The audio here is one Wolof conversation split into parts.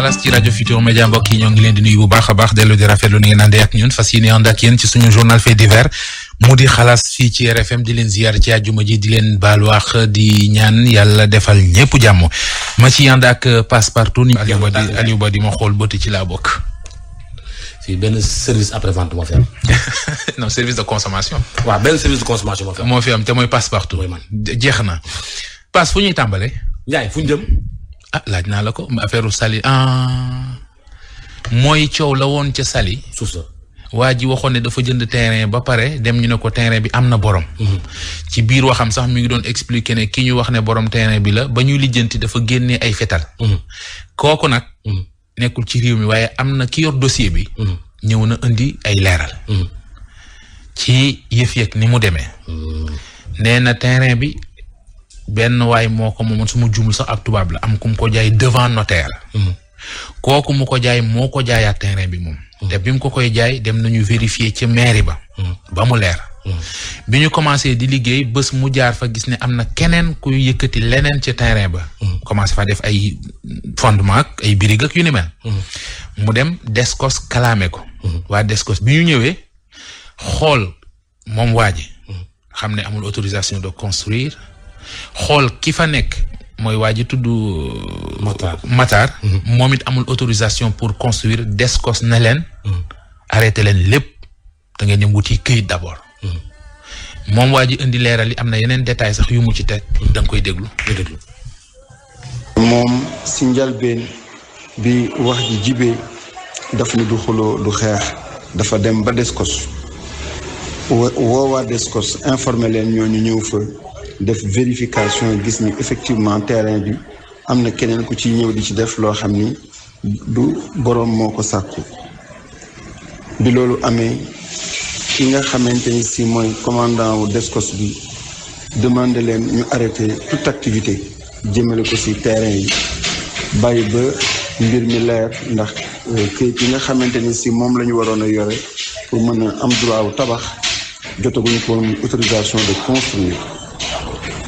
Palace ci Radio Futur Media mbokk yi ñoo ngi leen di nuyu bu baax a baax dellu di rafetlu ni ngeen àndee ak ñun fas yéene ànd ak yéen ci suñu journal fait divers mu di xalaas fii ci RFM di leen ziar ci àjjuma ji di leen baalu wax di ñaan yàlla defal ñépp jàmm ma ci ànd ak Passepartout Aliou Badi Aliou Badi ma xool bëtt ci laa bokk. fii benn service après vente moo fi am. non service de consommation. waaw benn service de consommation moo fi am. moo fi am te mooy Passepartout. mooy man jeex na passe fu ñuy tàmbalee. Ndiaye fu ñu jëm. ah laaj naa la ko affaire Saly ah mooy coow la woon ca Saly. suuf sa waa ji waxoon ne dafa jënd terrain ba pare dem ñu ne ko terrain bi am na borom. Mhm. ci biir waxam sax mu ngi doon expliquer ne ki ñu wax ne borom terrain bi la ba ñu lijjanti dafa génnee ay fetal. Mhm. kooku nag. Mhm. nekkul ci réew mi waaye am na ki yor dossier bi. ñëw na indi ay leeral. ci yëf yeeg ni mu demee. nee na bi benn waay moo ko moomoon su ma jumul sax ab tubaab la am ku mu ko jaay devant notaire. Mhm. kooku mu ko jaay moo ko jaayaat terrain bi moom. Mhm. te bi mu ko koy jaay dem nañu vérifier ca mairie ba. Mhm. ba mu leer. bi ñu commencé di liggéey bés mu jaar fa gis ne am na keneen kuy yëkkati leneen ca terrain ba. commencé fa def ay fondement ak ay birig ak yu ni mel. mu dem Descos kalaame ko. waa Descos bi ñu ñëwee xool moom waa ji. xam ne amul autorisation de construire. xol ki fa nekk mooy waa euh, Matar Matar. Mhm. momit amul autorisation pour construire descos n'alen, leen. Mhm. arrêté leen lépp da ngeen ñëw wuti keuy d'abord. mom mhm. waji indi leeral amna yenen na détails sax yu mu ci teg. dang koy deglu deglu mom sinjal ben bi wax ji jibee daf ni du xolo du xex dafa dem ba descos woowaa descos informer len ñooñu ñew fa de vérification gis ni effectivement terrain bi amna keneen ci ñew di ci def du borom moko bi lolu amé ki nga si commandant wu DSCOS bi demande leen ñu toute activité jëmale ko terrain yi ba mbir mi leer ndax euh, kayit nga xamanteni si moom lañu pour mën am droit tabax autorisation de construire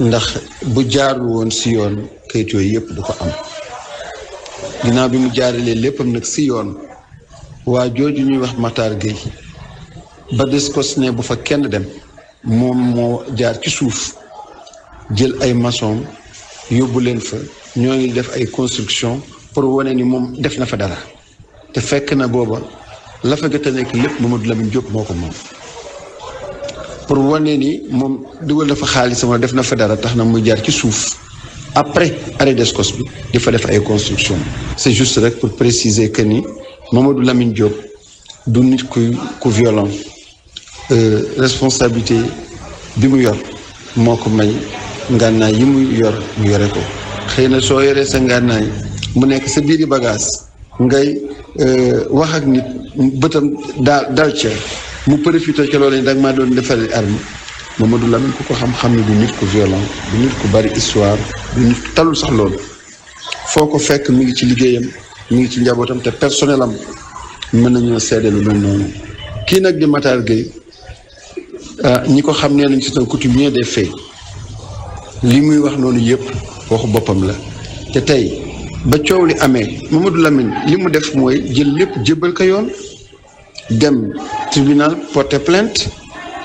ndax bu jaar woon si yoon kayit yooyu yëpp du ko am ginnaaw bi mu jaaralee léppam nag si yoon waa jooju ñuy wax Matar Gueye ba des ko ne bu fa kenn dem moom moo jaar ci suuf jël ay maçon yóbbu leen fa ñoo ngi def ay construction pour wone ni moom def na fa dara te fekk na booba la fa gëtt a nekk lépp Mamadou Lamine moo ko moom pour wane ni moom dugal na fa xaalisam wala def na fa dara tax na muy jaar ci suuf après arrêt d'escos bi di fa def ay construction c'est juste rek pour préciser que ni Mamadou Lamine Diop du nit ku ku violent euh, responsabilité bi mu yor moo ko may ngànnaay yi mu yor mu yore ko xëy na soo yoree sa ngànnaay mu nekk sa biiri bagage ngay euh, wax ak nit bëtam daal dal ca mu profité ci loolu da nga maa doon defaree arme Mamadou Lamine ku ko xam-xam ne du nit ku violent du nit ku bari histoire du nit talul sax loolu foo ko fekk mi ngi ci liggéeyam mi ngi ci njabootam te personnel am mën nañoo seede lu mel noonu kii nag di Matar Gueye ah, ñi ko xam nee nañ c'est un coutumier des faits li muy wax noonu yëpp waxu boppam la te tey ba coow li amee Mamadou lamin li mu def mooy jël lépp jëbal ka yoon dem tribunal porter plainte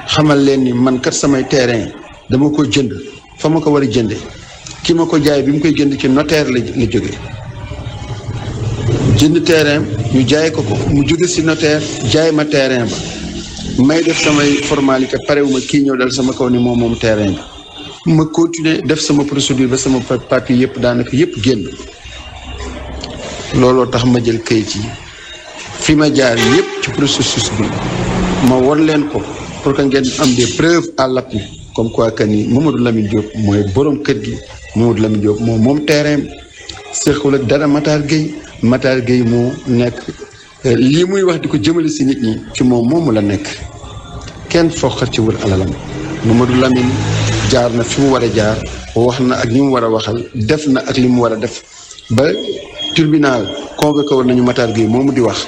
xamal leen ni man kat samay terrain dama ko jënd fa ma ko war a jënde ki ma ko jaay bi mu koy jënd ci notaire la la jóge jënd terrain ñu jaay ko ko mu jóge si notaire jaay ma terrain ba may def samay formalité parewuma kii ñëw dal sama kaw ni moom moom terrain bi ma continuer def sama procédure ba sama papier yëpp daanaka yëpp génn looloo tax ma jël kayit yi fi ma jaar yëpp ci processus bi ma won leen ko pour que ngeen am des preuves à l'appui comme quoi que ni Mamadou Lamine Diop mooy borom kër gi Mamadou Lamine Diop moom moom terrain sequl ak dara Matar Gueye Matar Gueye moo nekk euh, lii muy wax di ko jëmale si nit ñi ci moom moomu la nekk kenn foqat ci wër alalam Mamadou Lamine jaar na fi mu war a jaar wax na ak ñi mu war a waxal def na ak li mu war a def ba koo convoqué woon nañu Matar Gueye moomu di wax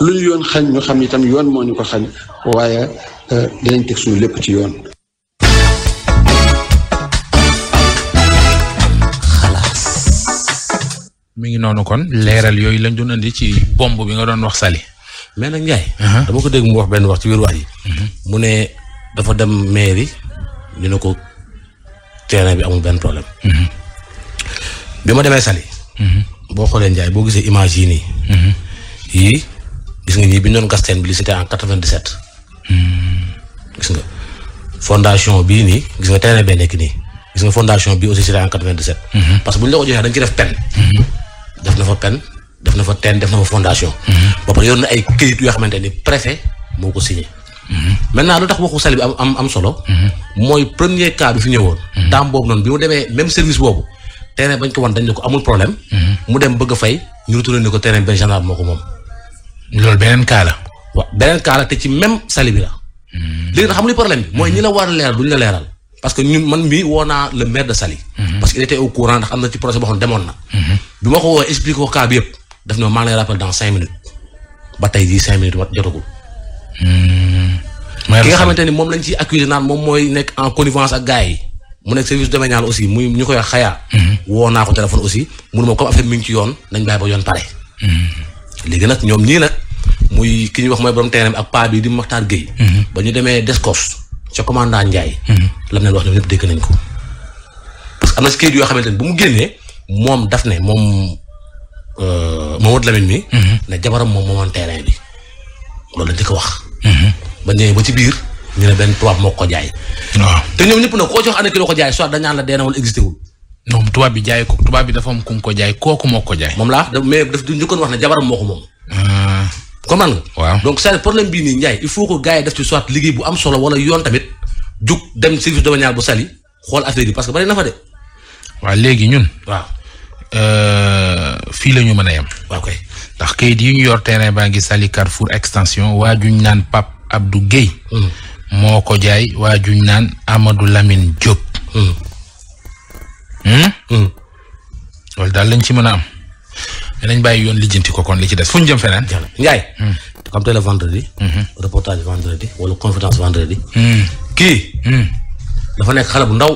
lu ñu yoon xañ ñu xam ni tam yoon moo ñu ko xañ waaye euh, dinañ teg suñu lépp ci yoon. xalaas. mi ngi noonu kon leeral yooyu lañ doon andi ci bomb bi nga doon wax Sali. mais nag Ndiaye. Uh-huh. dama ko dégg mu wax benn wax ci biir wax yi. Uh-huh. mu ne dafa dem mairie ñu ne ko terrain bi amul benn problème. Uh-huh. bi ma demee Sali. boo xoolee Ndiaye boo gisee image yi nii. gis nga ñi bi doon gas bi li c'était en 97 hmm gis nga fondation bi ni gis nga terrain bee nekk nii gis nga fondation bi aussi c'était en 97 hmm parce que buñ la ko joxee dañ ci def pen hmm def na fa pen def na fa teen def na fa fondation hmm ba pare yor ay këyit yo xamanteni préfet moko ko hmm maintenant lutax waxu salib am am am solo hmm moy premier cas bi fi ñewoon hmm. temps boobu non bi mu démé même service bobu terrain bañ ko won dañ ne ko amul problème hmm mu dem bëgg fay ñu retourner ko terrain ben gendarme moko mom moom loolu beneen cas la. waaw beneen cas la te ci même sali bi la. Hmm. léegi nag xam nga problème bi mooy hmm. ñi la war a leeral duñ la leeral. parce que ñun man bi woo naa le maire de Saly. Hmm. parce que il était au courant ndax am na ci projet boo xam ne demoon na. bi ma ko woowee expliqué ko cas bi yëpp daf maa ngi lay rappel dans cinq minutes ba tey jii cinq minutes jotagul. ki nga xamante ni moom lañ ci accusé naan moom mooy nekk en connivence ak gars yi mu nekk service domanial aussi muy ñu koy xayaa. woo ko téléphone ngi ci yoon nañ bàyyi ba léegi nag ñoom ñii nag muy ki ñuy wax mooy borom terrain ak paa bi di Makhtar Gueye. Mhm. ba ñu demee Descos ca commandant Ndiaye. Mhm. lam leen wax ñoom ñëpp dégg nañ ko. parce que am na si kayit yoo xamante ne bu mu génnee moom daf ne moom euh, Mamadou Lamine mi. Mhm. ne jabaram moom moomoon terrain bi loolu lañ di ko wax. ba ñëwee ba ci biir ñu ne benn tubaab moo ko jaay. waaw te ñoom ñëpp nag koo ci wax ana ki la ko jaay soit dañaan la dee na wala wul. noom tubaab bi jaay ko tubaab bi dafa am ku ko jaay kooku moo ko jaay. moom laa mais daf du njëkkoon wax ne jabaram moo ko moom. Ah. comprendre nga. donc c'est problème bii nii Ndiaye il faut que gars yi ci soit liggéey bu am solo wala yoon tamit juk dem service domanial bu Saly xool affaire yi parce que bari na fa de. waaw léegi ñun. waaw. Euh, fii la ñu mën a yem. waaw ndax kayit yi ñu yor terrain baa ngi Saly Carrefour extension waa juñ naan Pape Abdou Guèye. Hmm. moko jaay waa juñ naan Amadou Lamine Diop. Hmm. Hmm? Hmm. loolu daal lañ ci mën a am. danañ bàyyi yoon lijjanti ko kon li ci des fu ñu jëm feneen. Ndiaye. Hmm. comme tey la vendredi. reportage vendredi wala conférence vendredi. kii. dafa nekk xale bu ndaw.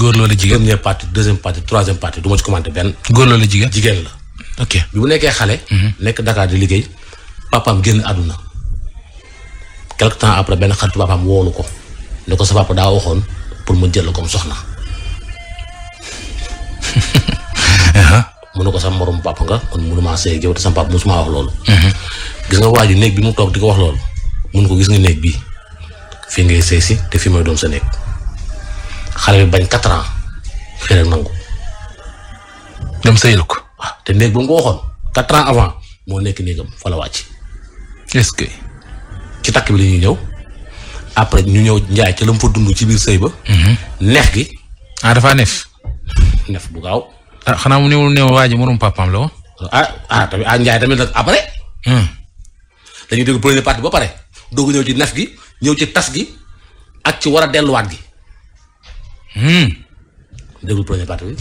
góor loola jigéen première partie deuxième partie troisième partie du ma ci commenté benn. góor loola jigéen jigéen la. ok bi bu nekkee xale. nekk Dakar di liggéey papaam génn àdduna. quelque temps après benn xaritu papaam woolu ko ne ko sa papa daa waxoon pour mu jël la comme soxna. munu ko sama morom papa nga kon munu ma sey gew te sama papa musuma wax lolou gis nga waji neeg bi mu tok diko wax lolou munu ko gis nga neeg bi fi ngay sey si te fi moy dom sa neeg xalé bi bañ 4 ans xere nangu dem seyel ko te neeg bu ngo waxon 4 ans avant mo nek neegam fa la wacc est ce que ci tak bi lañuy ñew après ñu ñew njaay ci lam fa dundu ci bir sey ba neex gi ah dafa neef neef bu gaaw ah xanaa mu néewul néew waa ji morom papaam la woon. ah ah tamit ah Ndiaye tamit hmm. premier parti ba pare doog ñëw ci naf gi ñëw ci tas gi ak ci war a delluwaat gi. Hmm. déglu premier parti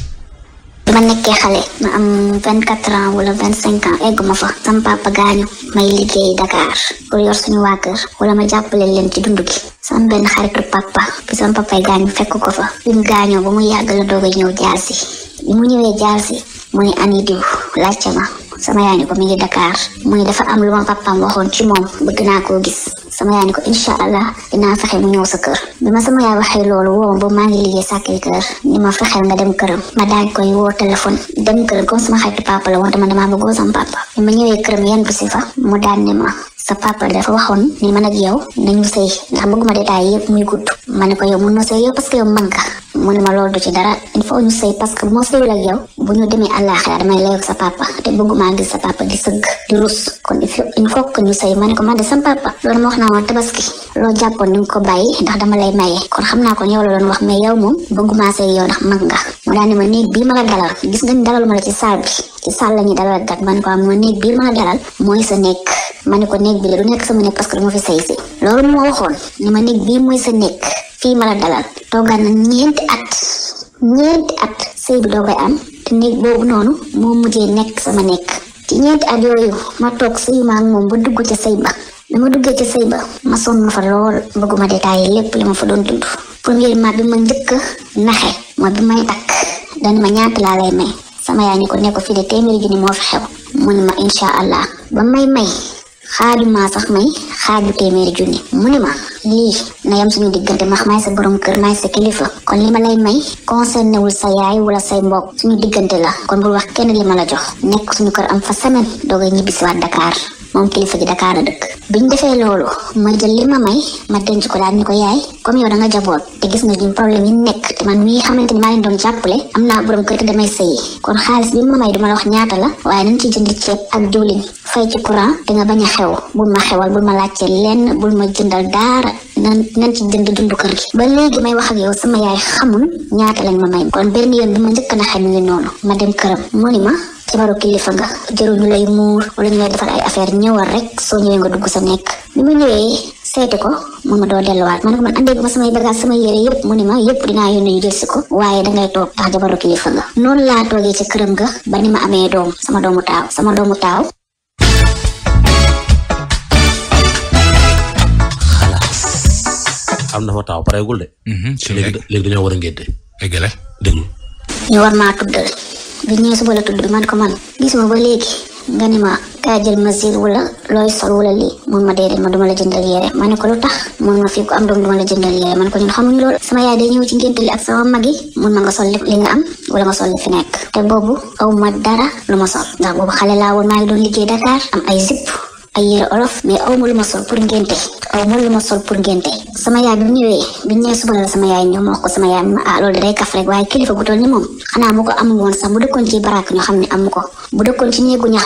nekkee xale ma am vingt quatre ans wala vingt cinq ans egguma fa sama gaañu may liggéey Dakar pour yor suñu waa kër ma jàppale leen ci dund gi sama xaritu papa bi sama gaañu fekk ko fa bi gaañoo ba mu yàgg la doog a ñëw jaasi mu ñëwee jaar si mu ni ani diw laajte ma sama yaay ni ko mi ngi Dakar mu dafa am lu ma papaam waxoon ci moom bëgg naa koo gis sama yaay ni ko incha allah dinaa fexe mu ñëw sa kër bi ma sama yaay waxee loolu woo ma ba maa ngi liggéey sàkkee kër ni ma fexeel nga dem këram ma daaj koy woo téléphone dem këram comme sama xaritu papa la woon dama damaa bëggoo sam papa bi ma ñëwee këram yan bu si fa mu daan ne ma sa papa dafa waxoon ni man ak yow nañu sëy ndax bëgguma ma ci dara il ñu sëy parce que bu bu ñu demee àllaaxira damay layoog sa papa te sa papa di kon il faut il faut que ñu sëy ma ne ko man de sa papa loolu ma wax dama lay maye kon xam naa ko yow la doon wax mais yow moom bëgguma sëy yow ndax mag nga mu daal ni ma néeg bii ma la dalal gis nga ni dalalu ma la ci saal ci sàll ñi dalal gat man ko am ma néeg bii ma dalal mooy sa nekk ma ne ko néeg bi la sama nek parce que dama fi say si loolu mu ni ma néeg bii mooy sa ma la dalal toogaan na ñeenti at ñeenti at sëy bi am te nek boobu nonu moo mujjee nek sama nek ci ñeenti at yooyu ma toog sëy ma ak moom ba dugg ca sëy ba dama duggee ci sëy ba ma sonn fa lool bëgguma détaillé lépp li ma fa doon dund premièrement bi ma njëkk naxe mooy bi may tak dan ma ñaata me lay may sama yaay ni ko ne ko fii de téeméeri junni moo fi xew mu ne ma allah ba may may xaaju maa sax may xaaju téeméeri junni mu ma lii na yam suñu diggante max may sa borom kër may sa kilifa kon li ma lay may concerné wul sa yaay wala say mbokk suñu diggante la kon bul wax kenn li ma la jox nekk suñu kër am fa semaine doogay ñibbisiwaat Dakar. moom kilifa gi Dakar a dëkk biñ defee loolu ma jël li ma may ma denc ko daal ni ko yaay comme yow da nga te gis nga ñun problème yi nekk te man mii am naa borom kër te damay sëyi kon xaalis bi ma ñaata la waaye nañ ci jënd ceeb ak diwlin fay ci courant te nga bañ a xew bul ma xewal bul ma laajte lenn bul ma jëndal daara nan nan dund kër gi ba léegi may wax ak yow sama yaay xamul ñaata lañ ma may kon benn yoon bi ma njëkk na xam ni noonu ma dem këram mu ma ci maro kilifa nga jëru ñu lay muur wala ñu lay defal ay affaire ñëwal rek soo ñëwee nga dugg sa nekk bi ma ñëwee seeti ko mu ma doo delluwaat ma ne ko man andee ma samay bagage sama yére yépp mu ne ma yépp dinaa yónni ñu jëlsi ko waaye da ngay toog tax jabaru kilifa nga noonu laa toogee ci këram ga ba ni ma amee doom sama doomu taaw sama doomu taaw am na fa taaw pareegul de léegi dañoo war a ngénte ñu war maa tuddal bi ñëwee suba la tudd man ko man gisuma ba léegi nga ne ma kaa jël mesure wala looy sol wala lii mun ma déedéet ma duma la jëndal yére ma ko lu tax mun ma fii ko am doom duma la jëndal yére man ko ñun xamuñu loolu sama yaay day ñëw ci ngénte li ak sama mag yi mun ma nga sol li nga am wala nga sol li fi te boobu aw ma dara lu ma sol ndax boobu xale laa woon maa doo liggéey Dakar am ay zip ay yére olof mais aw ma lu ma sol pour ngénte aw ma lu ma sol pour ngénte sama yaay bi mu ñëwee bi ñëwee suba la sama yaay ñëw ma wax ko sama yaay ma ah loolu day kaf rek waaye kilifa gu toll ni moom xanaa mu ko amul woon sax xam ne amu ko bu dëkkoon ci néegu ñax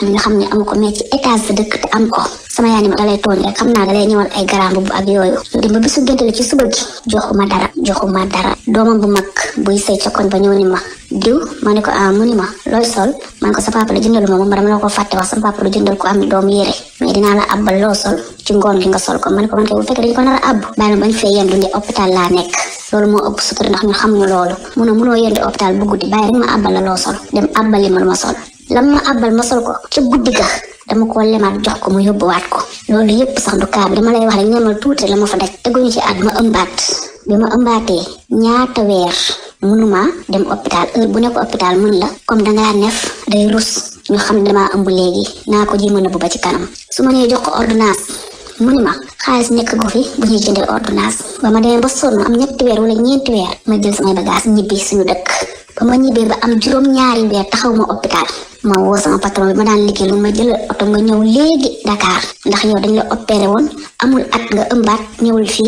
ci étage sa dëkk te am ko sama yaay ni ma dalay tooñ rek xam naa dalay ñëwal ay garaam bu ak yooyu dem ba bisu ngénte la ci suba joxuma dara joxuma dara doomam bu mag buy sëy ca ba ñëw ni ma diw ko a munima loy sol ko sa papa la jëndal mom man dama ko faté wax sa papa lu jëndal ko am doom yéré mais dina la abal lo sol ci ngon gi nga sol ko ko man ko fekk dañ ko nara ab bayna bañ fay yendu ni hôpital la nek lolu mo upp sutur ndax ñu xamnu lolu mëna muno yendu hôpital bu guddi bay rek ma abal la lo sol dem abali ma ma sol lam ma abal ma sol ko ci guddi ga dama ko lemat jox ko mu yobbu wat ko lolu yépp sax du kaab dama lay wax rek ñamal tuuti lama fa daj ñu ci ad ma ëmbaat bima ëmbaté ñaata wër mënuma dem hôpital heure bu nekk hôpital mun la comme dangaa nef day rus ñu xam damaa ëmb léegi naa ko jéem a nëbbu ba ci kanam su ma nee jox ko ordonnance mënuma xaalis nekk gu fi bu ñuy jëndee ordonnance ba ma demee ba sonn am ñetti weer wala ñeenti weer ma jël samay bagage ñibbi suñu dëkk bama ñibé ba am juroom ñaari weer taxaw ma hôpital ma wo sama patron ma daan liggéey lu ma jël auto nga ñew légui Dakar ndax yow dañ la opéré won amul at nga ëmbaat ñewul fi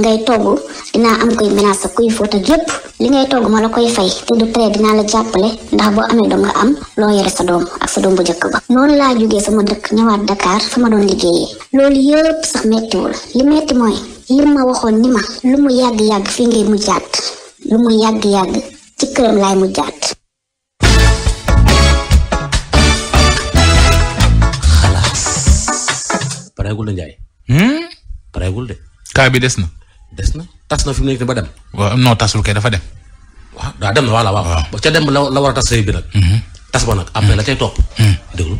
ngay togu dina am koy menace kuy foto ak li ngay togg ma la koy fay te du près dina la jàppale ndax bo amé do nga am lo yéré sa doom ak sa doom bu njëkk ba non laa juggé sama dëkk ñëwaat Dakar sama doon liggéeyee lool yépp sax wul li metti moy li ma waxoon ni ma lu mu yag yag fi ngay jatt lu mu yag yag ci këram laay mujjaat xalaas pareegul de Hmm? paregul de kaa bi des na Tasna na tas na fi nekk ba dem wa non tasul kay dafa dem wa da dem na wala wa ba ca dem la wara war bi tas hmm bi mhm. tas ba mhm. nak après la cey top hmm loolu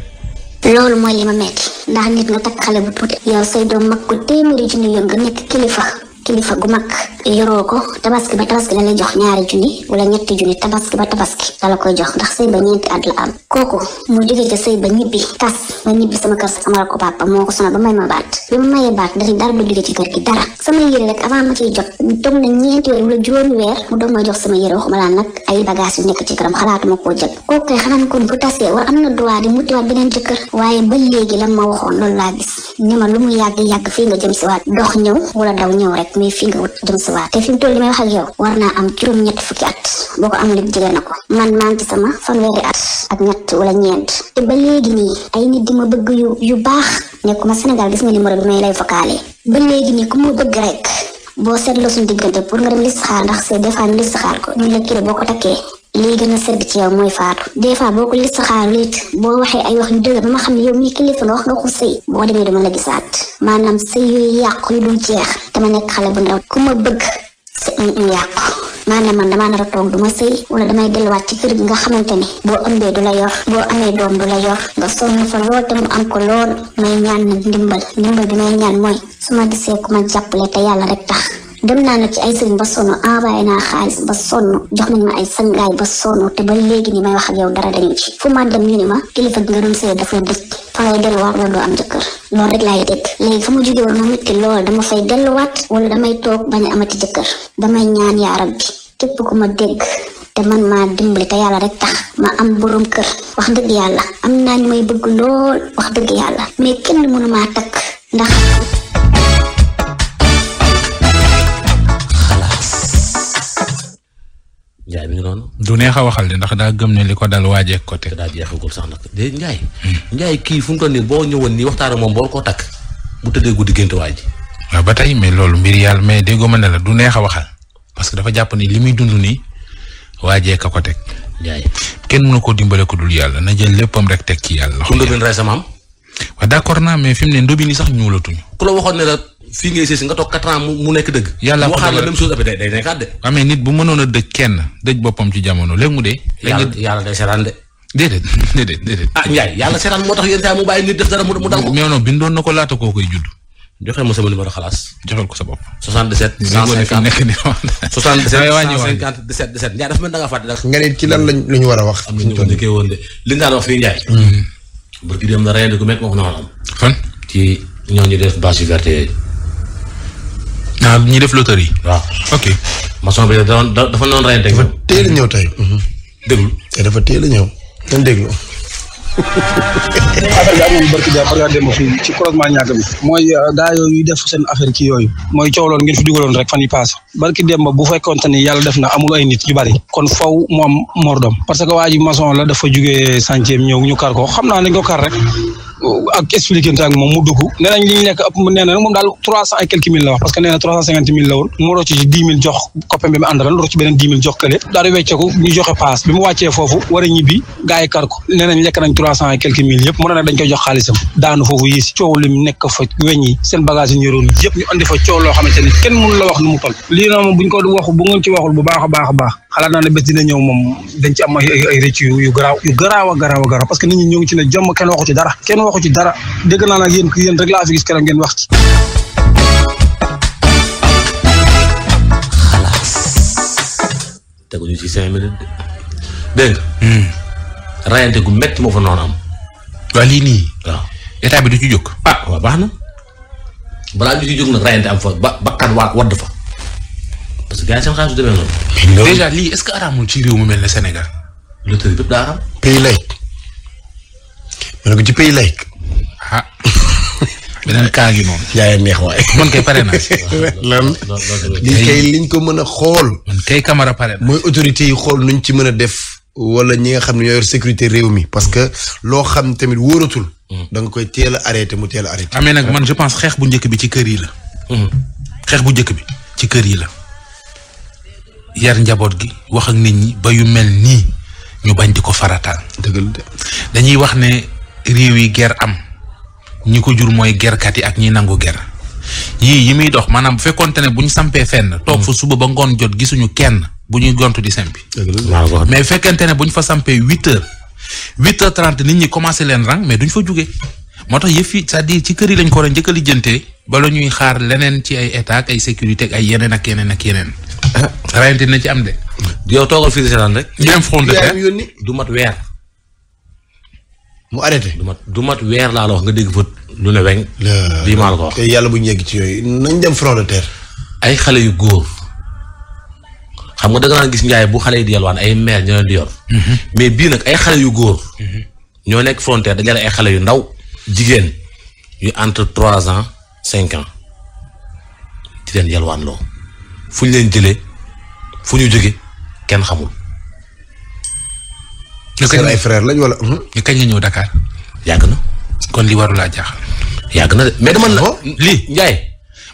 lol moy lima metti ndax nit nga tak xale bu tuuti yow ya, sey do makku ko ci ñu yëng nekk kilifa kilifa gu mag yoroo ko tabaski ba tabaski la lay jox ñaari junni wala ñetti junni tabaski ba tabaski da la koy jox ndax sey ba ñeenti at la am kooku mu jóge ca sey ba ñibbi tas ba ñibbi sama kër sama amal ko papa moo ko sonal ba may ma baat bi ma mayee baat dari dara du jóge ci kër gi dara sama yére rek avant ma ciy jot toog na ñeenti weer wala juróomi weer mu doog ma jox sama yére waxuma laa nag ay bagage yu nekk ci këram xalaatuma koo jël kooku kay xanaan kon bu tasee war am na droit di mutiwaat beneen kër waaye ba léegi lam ma waxoon loolu laa gis ne ma lu mu yàgg yàgg fii nga jëm si waat dox ñëw wala daw ñëw rek rek fi nga wut jëm si te fi mu toll li may wax yow war naa am juróom-ñett fukki at boo ko amul it jege na ko man maa ngi sama fanweeri at ak ñett wala ñeent te ba léegi nii ay nit di ma bëgg yu yu baax nekkuma Sénégal gis nga numéro bi may lay vocalé ba léegi nii ku ma bëgg rek boo seetloo suñu diggante pour nga dem listixaar ndax c'est des fois ñu listixaar ko ñu la boo ko takkee lii gën a sedd ci yow mooy faatu des fois boo ko listixaaru it boo waxee ay wax yu dëgg ba ma xam ne yow mii kilifa nga wax ko sëy boo demee duma la gisaat maanaam sëy yooyu yàqu yu dul jeex dama nekk xale bu ndaw ku ma bëgg sa ñu yàqu maanaam man damaa toog du ma sëy wala damay delluwaat ci kër gi nga xamante ni boo ëmbee du la yor boo amee doom du la yor nga sonn fa lool te am ko lool may ñaan nag ndimbal ndimbal bi may ñaan mooy su ma gisee ku ma jàppale te yàlla rek tax dem naa nag ci ay sëriñ ba sonn envoyé naa xaalis ba sonn jox ma ay sangaay ba sonn te ba léegi ni may wax ak yow dara dañu ci ma dem ñu ma kilifa gi nga doon sëy daf la dëj fa ngay delluwaat wala doo ma jógee woon ma métti lool dama fay delluwaat wala damay toog bañ a amati jëkkër damay ñaan yaa rabbi képp ku ma dégg te man maa dimbali te yàlla rek tax ma am borom kër wax dëgg yàlla am naa ñu may bëgg lool wax dëgg yàlla mais kenn mënu takk ndax mi ngi du neex a waxal de ndax daa gëm ne li ko dal waajeeg ko te. daa jeexagul sax nag de Ndiaye. Hmm. Ndiaye kii fu mu toll nii boo ñëwoon nii waxtaan moom boo ko takk bu tëddee guddi gént waaj. waa ba tay mais loolu mbir yàlla mais déggoo ma ne la du neex a waxal parce que dafa jàpp ni li muy dund nii waajee ka ko teg. Ndiaye kenn mënu koo dimbale ko dul yàlla na jël léppam rek teg ci yàlla. ku ndóbin rey sa maam. waaw d'accord naa mais fi mu ne ndóbin yi sax ñuulatuñu. ku la waxoon ne la fii ngay sëy nga toog quatre ans mu nekk dëgg. yàlla ko waxaat la même mu dee. de. Ah, moo tax yéen saa mu bàyyi nit mu a wax. am na ñu ko de li mm-hmm. wax na rayandi am. fan ci ñooñu def bâche verte yooyu. ah ñi def loterie. waaw ok. maçon bi dafa noonu rey mhm. dafa teel a ñëw tey. déglu te dafa teel a ñëw dañ déglu. affaire bi am nañu barki jaar ci croisement ñàkk bi mooy euh, gaa yooyu def seen affaire kii yooyu mooy coow loolu ngeen fi dugaloon rek fan yi paase barki démb bu fekkoonte ni yàlla def na amul ay nit yu bari kon faw moom am mordom parce que waa ji maçon la dafa jugee chantier ñëw ñu kar ko xam naa dañ ko kar rek ak expliqué ak moom mu dugg nee nañ moom daal trois cent et quelques mille la wax parce que nee trois cent cinquante la woon mu rocc dix mille jox copain bi mu àndaloon rocc beneen dix mille jox kële daal di wecceeku ñu joxe paas bi mu foofu war ñibbi gars yi kar ko trois cent et quelques mille yëpp mu ne nag jox xaalisam daanu foofu yi coow lim nekk fa weñ yi bagage yi ñu ñu andi fa coow loo xamante ne kenn mënu la wax xalaat naa ne bés dina ñëw moom dañ ci am ay ay rëcc yu yu garaaw yu garaaw a garaaw a garaaw parce que nit ñi ñoo ngi ci ne jom kenn waxu ci dara kenn waxu ci dara dégg naa nag yéen yéen rek laa fi gis teguñu ci cinq minutes dégg nga. Hmm. gu métti moo fa noonu am. waa lii nii. waaw état bi du ci jóg. ah waaw baax na. balaa ñu ci nag rayante am fa ba bakkan waat wadd fa. parce que gars yi seen xaalis du lii est-ce que araamul ci réew mu mel ne Sénégal. loterie pays laïque. ma ne ko ci pays laïque. ah. kaa gi noonu. yaa neex waaye. man kay pare naa si. lan lii kay liñ ko mën a xool. man kay Camara pare na. mooy autorités yi xool nuñ ci mën a def. wala ñi nga xam ne ñoo sécurité réew mi parce que loo xam tamit wóoratul. Hmm. da nga koy teel a arrêté mu teel a arrêté. amee ah, nag man je pense xeex bu njëkk bi ci kër yi la. Hmm. xeex bu njëkk bi ci kër yi la. yar njabot gi wax ak nit ñi ba yu mel ni ñu bañ di ko de dañuy wax ne rew yi ger am ñi ko jur mooy gerkat yi ak ñi nangu ger yii yi muy dox manam bu fekkonte fen. bu fenn tok fu mm. suba ba ngon jot gisunu kenn buñu gontu di sempi mais fekkente ne fa sampé 8h 8h30 nit ñi commencé len rang mais duñ fa juggé motax c'est-à-dire ci kër yi lañ ko ron jëkëli jënté bala ñuy xaar leneen ci ay état ay sécurité ak ay yeneen ak yeneen ak yeneen. Ah. rayante na ci am de. yow toogal fii di rek. même front de du mat weer. mu arrêté du mat du mat weer laa la wax nga dégg fa lu ne weñ. lii maa ko wax te yàlla bu ñu yegg ci yooyu nañ dem front ay xale yu góor xam nga da nga gis njaay bu xale yi di yalwaan ay maire ñoo leen di yor. Mhm. mais bii nag ay xale yu góor. Mhm. ñoo nekk frontière dañu ay xale yu ndaw. jigéen yu entre trois ans. cinq ans di leen yalwaan loo fu ñu leen jëlee fu ñu jóge kenn xamul. ñu kañ ay frère lañ wala. ñu kañ la ñëw na. kon lii waru laa jaaxal. yàgg na de mais dama la ah lii Ndiaye.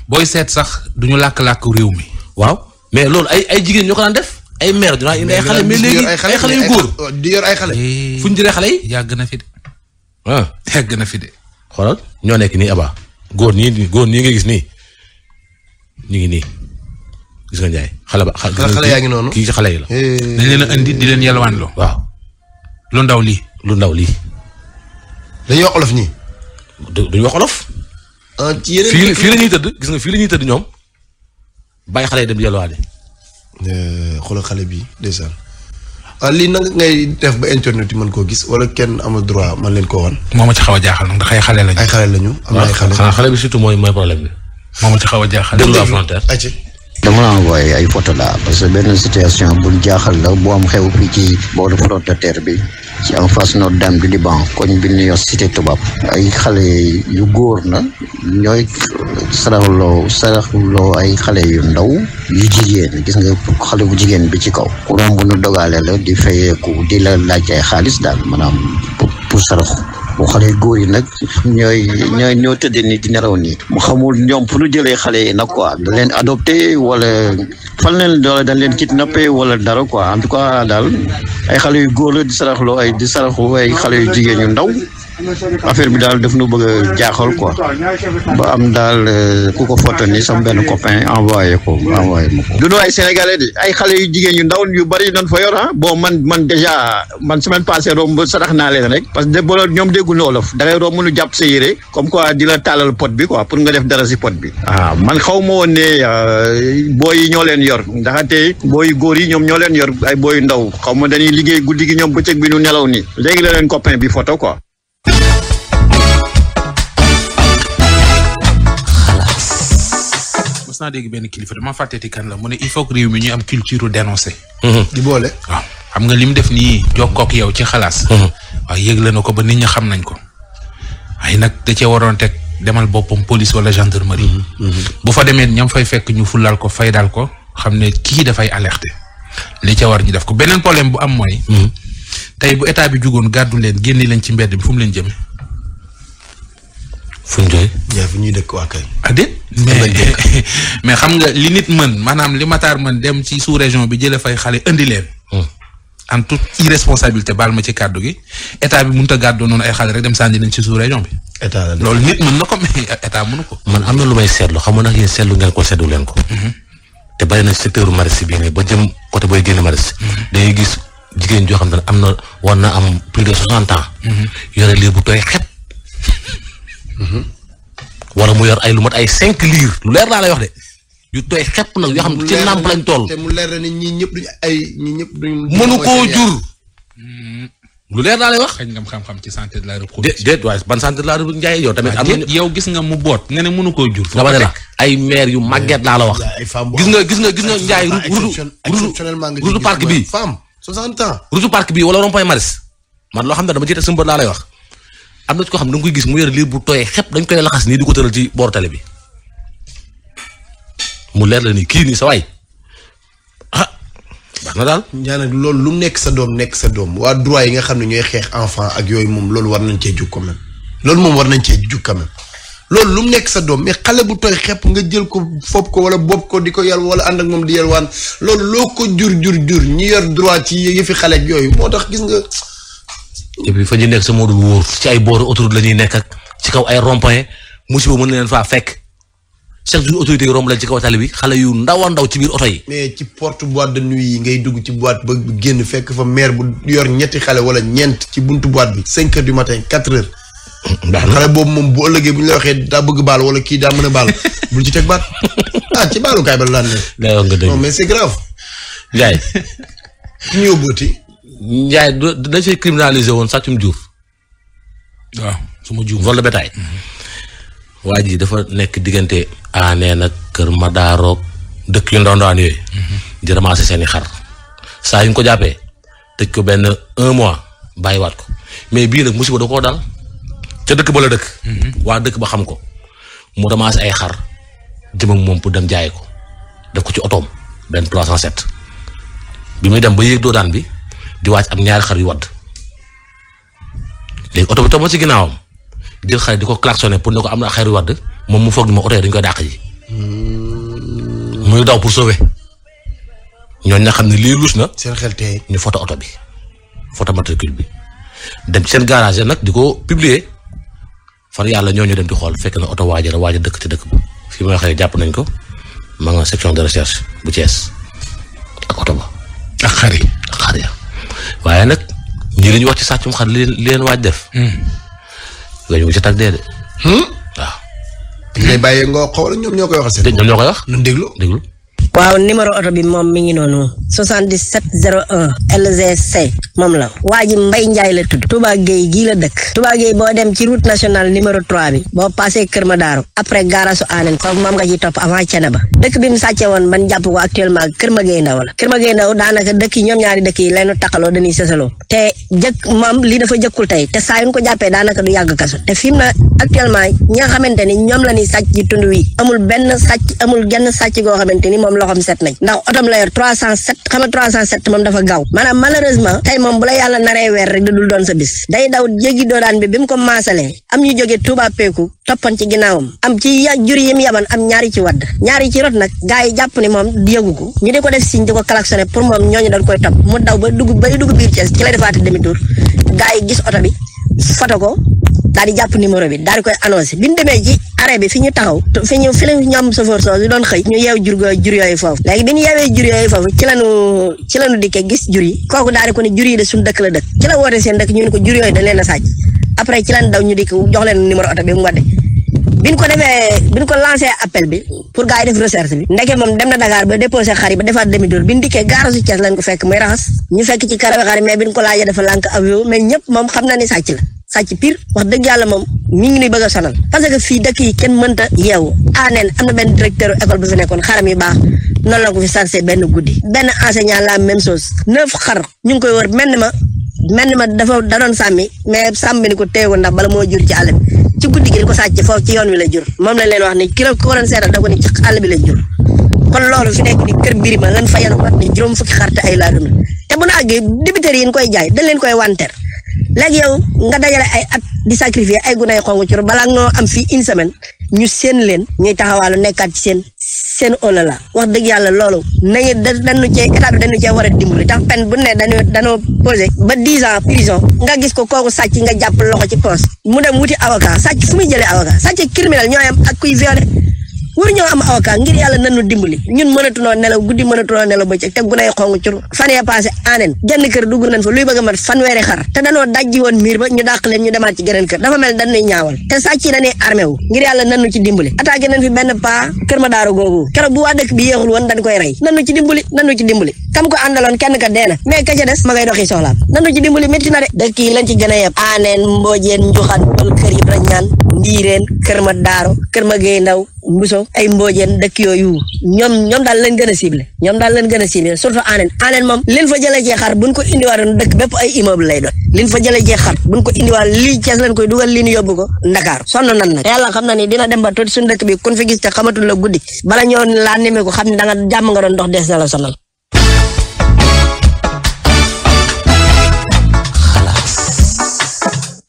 booy seet sax du ñu làkk-làkk réew mi. waaw mais loolu ay ay jigéen ñoo ko daan def. ay mère dinaa indi ay xale ay xale yu góor di yor ay xale. Eh. fu ñu jëlee xale yi yàgg na fi de. ah yàgg na fi de. xoolal ñoo nekk nii Aba. góor ñii góor ñii nga gis nii ñu ngi nii gis nga Ndiaye xale ba. xale yaa ngi noonu kii ci xale yi la. Eh. dañ leen a andi di leen yalwaan loo. waaw lu ndaw lii. lu ndaw lii. dañuy wax olof ñi. du duñu wax olof. Ah, ci yeneen fii fii la tëdd gis nga fii la ñuy tëdd ñoom bàyyi xale yi dem yalwaani. Eh, xoolal xale bi ndeysaan Ah, lii nag ngay def ba internet yi mën koo gis wala kenn ama droit man leen koo wan. moo ma ci xaw a jaaxal ndax ay xale lañu. ay xale lañu am na ay xale. Ah, xanaa xale bi surtout mooy mooy problème bi. moo ma ci xaw a jaaxal. déglu la frontière dama la envoyé ay photo la parce que benn situation bu jaaxal la bu am xew fii ci booru frontière bi. ci en face Notre Dame du Liban koñ bi ñuy wax cité tubaab ay xale yu góor na ñooy saraxloo saraxloo ay xale yu ndaw yu jigéen gis nga xale bu jigéen bi ci kaw ku romb nu dogaale la di fayeeku di la laaj ay xaalis daal maanaam pour saraxu bu xale góor yi nag ñooy ñooy ñoo tëddee ni di neraw nii mu xamul ñoom fu ñu jëlee xale yi nag quoi da leen adopté wala fan leen doole dañ leen kidnappé wala dara koi en tout cas daal ay xale yu góor la di saraxloo ay di saraxu ay xale yu jigéen yu ndaw affaire bi daal def nu bëgg a jaaxal quoi ba am daal euh, ku ko foto ni sama benn copain envoyé ko envoyé ma ko. ay sénégalais di ay xale yu jigéen yu ndaw yu bëri doon fa yor ah bon man man déjà man semaine passée romb sarax naa leen rek parce que bolo ñoom dégguñu olof da ngay romb nu jàpp sa yére comme quoi di la taalal pot bi quoi pour nga def dara si pot bi. ah man xaw ma woon ne euh, booy yi ñoo leen yor ndaxte booy góor yi ñoom ñoo leen yor ay booy ndaw xaw ma dañuy liggéey guddi gi ñoom bëccëg bi nu nelaw nii léegi la leen bi photo quoi. mës naa kilifa dama fàtteeti kan la mu ne il faut que réew mi ñu am culture dénoncé mhm. di boole waaw xam nga li mu def nii jokkook yow ci xalaas mhm. waaye yëgle na ko ba nit ñi xam nañ ko waaye nag da cee waroon teg demal boppam police wala gendarmerie mhm. bu fa demee ñam fay fekk ñu fulal ko fay daal ko xam ne kii dafay alerté li ca war ñu def ko beneen problème bu am mooy tey bu état bi jugoon gàddu leen génni leen ci mbedd bi fu mu leen jëme fu ñu jógee. yaa fu ñuy dëkk waa kay. ah mais xam nga li nit mën maanaam li Matar mën dem ci sous région bi jëlee fay xale indi leen. Hmm. en toute irresponsabilité baal ma ci kàddu gi état bi mënut a gàddoo noonu ay xale rek dem sànni nañ ci sous région bi. état la loolu nit mën na ko mais état mënu ko. man am na lu may seetlu xam nga nag yéen seetlu ngeen ko seetlu leen ko. Mm-hmm. te bari secteur maraîchage bi ne ba jëm côté booy génn maraîchage. Mm-hmm. dañuy gis jigéen joo xam ne am na war na am Mhm. wala mu yor ay lu mat ay cinq liir lu leer laa lay wax de. yu tooy xepp nag yoo xam ne ci nàmp lañ tool te mu leer na ni ñii ñëpp duñ ay ñii ñëpp duñ. mënu koo jur. Mm. lu leer laa lay wax. xëy na xam-xam ci santé de la reproduction. déet waaye ban santé de la reproduction Ndiaye yow tamit. Ah, am na yow gis nga mu boot. nga mënu koo jur. dama ne la ay maire yu màgget laa la wax. gis nga gis nga gis nga Ndiaye. ruutu ruutu parc bi. femme 60 ans. ruutu bi wala rond-point Maris. man loo xam ne dama jiite sëñ bët laa lay wax. amna ko xam na nguy gis mu yor lire bu toy xep dañ koy laxas ni di ko ci bor tale bi mu leer la ni ki ni sa way ah na daal. ñaan lool lu nekk sa dom nekk sa dom wa droit yi nga xam ni ñoy xex enfant ak yoy moom lool war nañ ci juk ko même lool moom war nañ ci juk quand même lool lu nekk sa dom mi xale bu toy xep nga jël ko fop ko wala bop ko di ko wala and ak moom di yal loolu lool ko jur jur jur ñi yor droit ci yefi xale ak yoy motax gis nga et puis fañu nek sa moo wor ci ay bor autoroute lañuy nek ak ci kaw ay rond-point musiba mën na leen faa fekk chaque jour autorité yi romb lañ ci kaw talibi xala yu ndaw ndaw ci bir auto yi. mais ci porte boîte de nuit ngay dugg ci boîte ba genn fek fa maire bu yor ñetti xalé wala ñent ci buntu boîte bi. 5 h du matin 4 h ndax xalé boobu mom bu ëllëgee bu ñu la waxé da bëgg bal wala ki da mëna bal bu ci tek bat ah ci balu kay bal lan né non mais c'est grave. jay ñu ñëw Ndiaye du dañ fay criminalisé woon sàccum jur. waaw su ma jur vol de bétail. Mhm. waa ji dafa nekk diggante aaneen nag kër Madaroog dëkk yu ndondaan yooyu. Mhm. di ramasser seen i xar saa yu ñu ko jàppee tëj ko benn un bàyyi bàyyiwaat ko mais bii nag musiba da koo dal ca dëkk ba la dëkk. Mhm. waa dëkk ba xam ko mu ramasser ay xar jëm moom pour dem jaay ko def ko ci otoom benn 307 bi muy dem ba yéeg doodaan bi. di wacc ak ñaari xar yu wad léegi auto bi toog ma ci ginnaawam jël xar di ko klaxonné pour niko amna xar yu wad mom mu fogg ni ma auto dañ koy dakk yi hmm. muy daw pour sauver ñoo nga xamni li lii seen xel tey ni photo auto bi photo matricule bi dem seen garage nak diko publier far yalla ñoo ñu dem di xol fekk na auto waji la waji a dëkk ci dëkk fi mo waxee japp nañ ko ma nga section de recherche bu Thiès ak auto ba. ak xari ak xari ya waaye nag ñii la ñu wax ci sàccum xar li leen waaj def. Hmm. nga ci tag dee de. Hmm? waaw. ñu lay ñoo koy waxal seen. ñoom ñoo koy wax. ñu déglu déglu. waaw numéro oto bi moom mi ngi noonu 77 01 LGC moom la waa ji Mbay Njaay la tudd Touba Gueye gii la dëkk Touba Gueye boo dem ci route nationale numéro 3 bi boo passé Kër Madaaro après gaarasu Anen kooku moom nga ciy avant cene dëkk bi mu woon ban jàpp ko actuellement Kër Magey Ndaw la Kër Magey Ndaw daanaka dëkk yi ñoom ñaari dëkk yi leenu taqaloo dañuy sësaloo te jëkk moom li dafa jëkkul te saa ko jàppee daanaka du yàgg kaso te fi actuellement ñi nga xamante ni ñoom la ñuy sàcc ci tund wi amul benn sàcc amul genn sàcc goo xamante ni moom loxom xam nga 307 moom dafa gaaw maanaam malheureusement tey moom bu yàlla naree weer rek da dul doon sa bis day daw jéggi doodaan bi bi mu ko maasalee am ñu jógee Touba Peku toppan ci ginnaawam am ci jur yi mu yaban am ñaari ci wadd ñaari ci rot nag gars yi jàpp ni moom yëgu ko ñu di ko def siñ di ko klaxonné pour moom ñooñu dañ koy topp mu daw ba dugg bay biir Thiès ci la defaati demi tour gars yi gis oto bi foto ko daal jàpp numéro bi daal koy annoncé bi ñu demee bi fi ñu taxaw fi ñu fi la ñoom chauffeur doon xëy ñu yeew jur jur yooyu foofu léegi bi ñu yi kooku daal di ci la a sàcc après ci lañ daw ñu dikk jox leen oto bi wadde bi ñu na demi tour bi ñu dikkee gaaru su Thiès fekk muy raxas ñu fekk ci karawe xar yi mais bi ñu ko laajee dafa ñëpp moom xam na ni sàcc la sàcc pire wax dëgg yàlla moom mi ngi bëgg a sonal parce que fii dëkk yi mënta yeewu a ah neen am na benn directeur école bu fi nekkoon xaram yi baax noonu ko fi sansé benn guddi benn enseignant la même chose neuf xar ñu ngi koy wër mel ma mel ma dafa da doon sàmmi mais ko téye ko bala moo jur ci àll bi ci guddi gi di ko sàcc foofu ci yoon wi la jur moom lañ leen wax ni ki la ko waroon ni ci àll bi jur kon loolu fi nekk ni kër Birima lan fa yan wat ni juróom léegi yow nga dajale ay at di sacrifier ay gunay xong ci balaa nga am fii une semaine ñu seen leen ñuy taxawaalu nekkaat seen seen ola la wax dëgg yàlla loolu nañu dañu cee état bi dañu cee war a dimbali tax pen bu ne dañoo ba dix prison nga gis ko kooku sàcc nga jàpp loxo ci poos mu dem wuti avocat sàcc fu muy jëlee avocat sàcc criminel ñoo yam ak kuy violé war ñoo am avocat ngir yàlla nanu dimbali ñun mënatunoo nelaw guddi mënatunoo nelaw bëccëg te gunay xong cur fan yee passé aaneen genn kër dugg nañ fa luy bëgg a mat fanweeri xar te danoo dajji woon miir ba ñu dàq leen ñu demaat ci geneen kër dafa mel dañuy ñaawal te sàcc yi dañuy armé wu ngir yàlla nanu ci dimbali attaqué nañ fi benn paa kër ma daaru googu keroog bu waa dëkk bi yéexul woon dañ koy rey nanu ci dimbali nanu ci dimbali kam kan ko andalon kenn ka deena jadah mais ka ja dess ma ngay doxi soxla nanu ci dimbali metti na de dëkk ki lan ci gëna a yeb aaneen mboojeen njuxan dul kër yi brañ naan ndiren kër ma daaro kër ma gey ndaw muso ay mbojeen dëkk yooyu ñoom ñom daal leen gën a ciblé ñom dal lañ gëna a ciblé surtout anen aaneen moom fa jëlé ci xar buñ ko indiwaatoon dekk bépp ay immeuble lay do liñ fa jëlé ci xar buñ ko indiwaat li ci lañ koy duggal ñu ko nan yalla xamna ni dina dem ba suñu dekk bi kun fi gis te xamatu la guddi bala ñoo la némé ko xamni da nga jam nga doon dox dess la sonal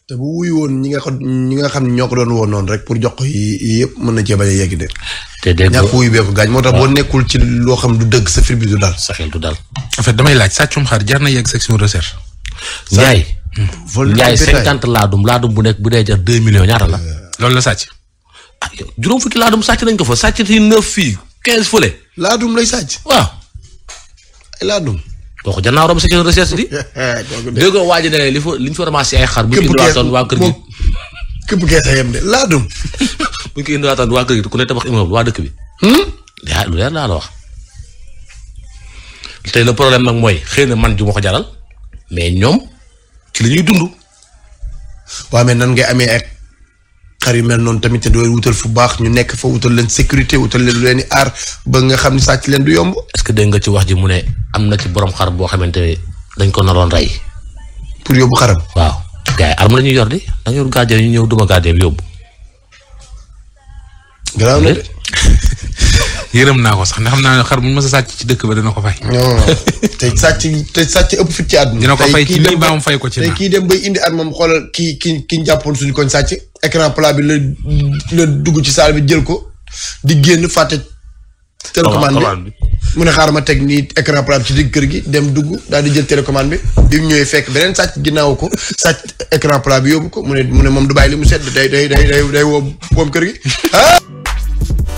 te bu wuy woon ñi nga ko ñi nga xam ne ñoo ko doon woon noonu rek pour jox ko yëpp mën na cee bañ a yegg de. te de nga ñàkk wuy bee ko gaañ moo tax boo nekkul ci loo xam du dëgg sa fir bi du dal. sa xel du dal. en fait damay laaj sàccum xaar jar na yegg section recherche. Ndiaye. vol Ndiaye cinquante laadum laadum bu nekk bu dee jar deux millions ñaata la. Euh, loolu la sàcc. Ah, juróom fukki laadum sàcc nañ ko fa sàcc ci neuf fii quinze fële. laadum lay sàcc. waaw ay laadum. kooku jannaaw romb section recherche di déggoo waaji ne li fa li ñu ramassé ay xar bu ñu indiwaatoon waa kër gi képp geesa yem de laadum bu ñu ko indiwaatoon kër gi ku ne tabax immeuble dëkk bi hmm? lu leer laa la wax tey le problème nag mooy xëy man ju ko jaral mais ci ñuy mais nan ngay ak xar yu mel noonu tamit te doo wutal fu baax ñu nekk fa wutal leen sécurité wutal leen lu leen di aar ba nga xam ne sàcc leen du yomb. est que dégg ci wax ji mu ne am na ci borom xar boo xamante ne dañ ko naroon rey. pour yóbbu xaram. waaw gars yi arme la ñuy yor di da nga yor gardien ñu ñëw duma gardien bi yóbbu. garaaw na yërëm naa ko sax ne xam naa ne xar bu ñu mës a sàcc ci dëkk ba dina ko fay. te sàcc te sàcc ëpp fit ci àdduna. dina ko fay ci nii ba mu fay ko ci na tey kii dem bay indi at moom xoolal kii ki ki ñu jàppoon ma teg nii écran plat ci digg kër gi dem dugg daal di jël télécommande bi. bi mu ñëwee fekk beneen sàcc ginnaaw ko sàcc écran plat bi yóbbu ko mu ne mu ne moom du bàyyi li mu sedd day day day day woo boom kër gi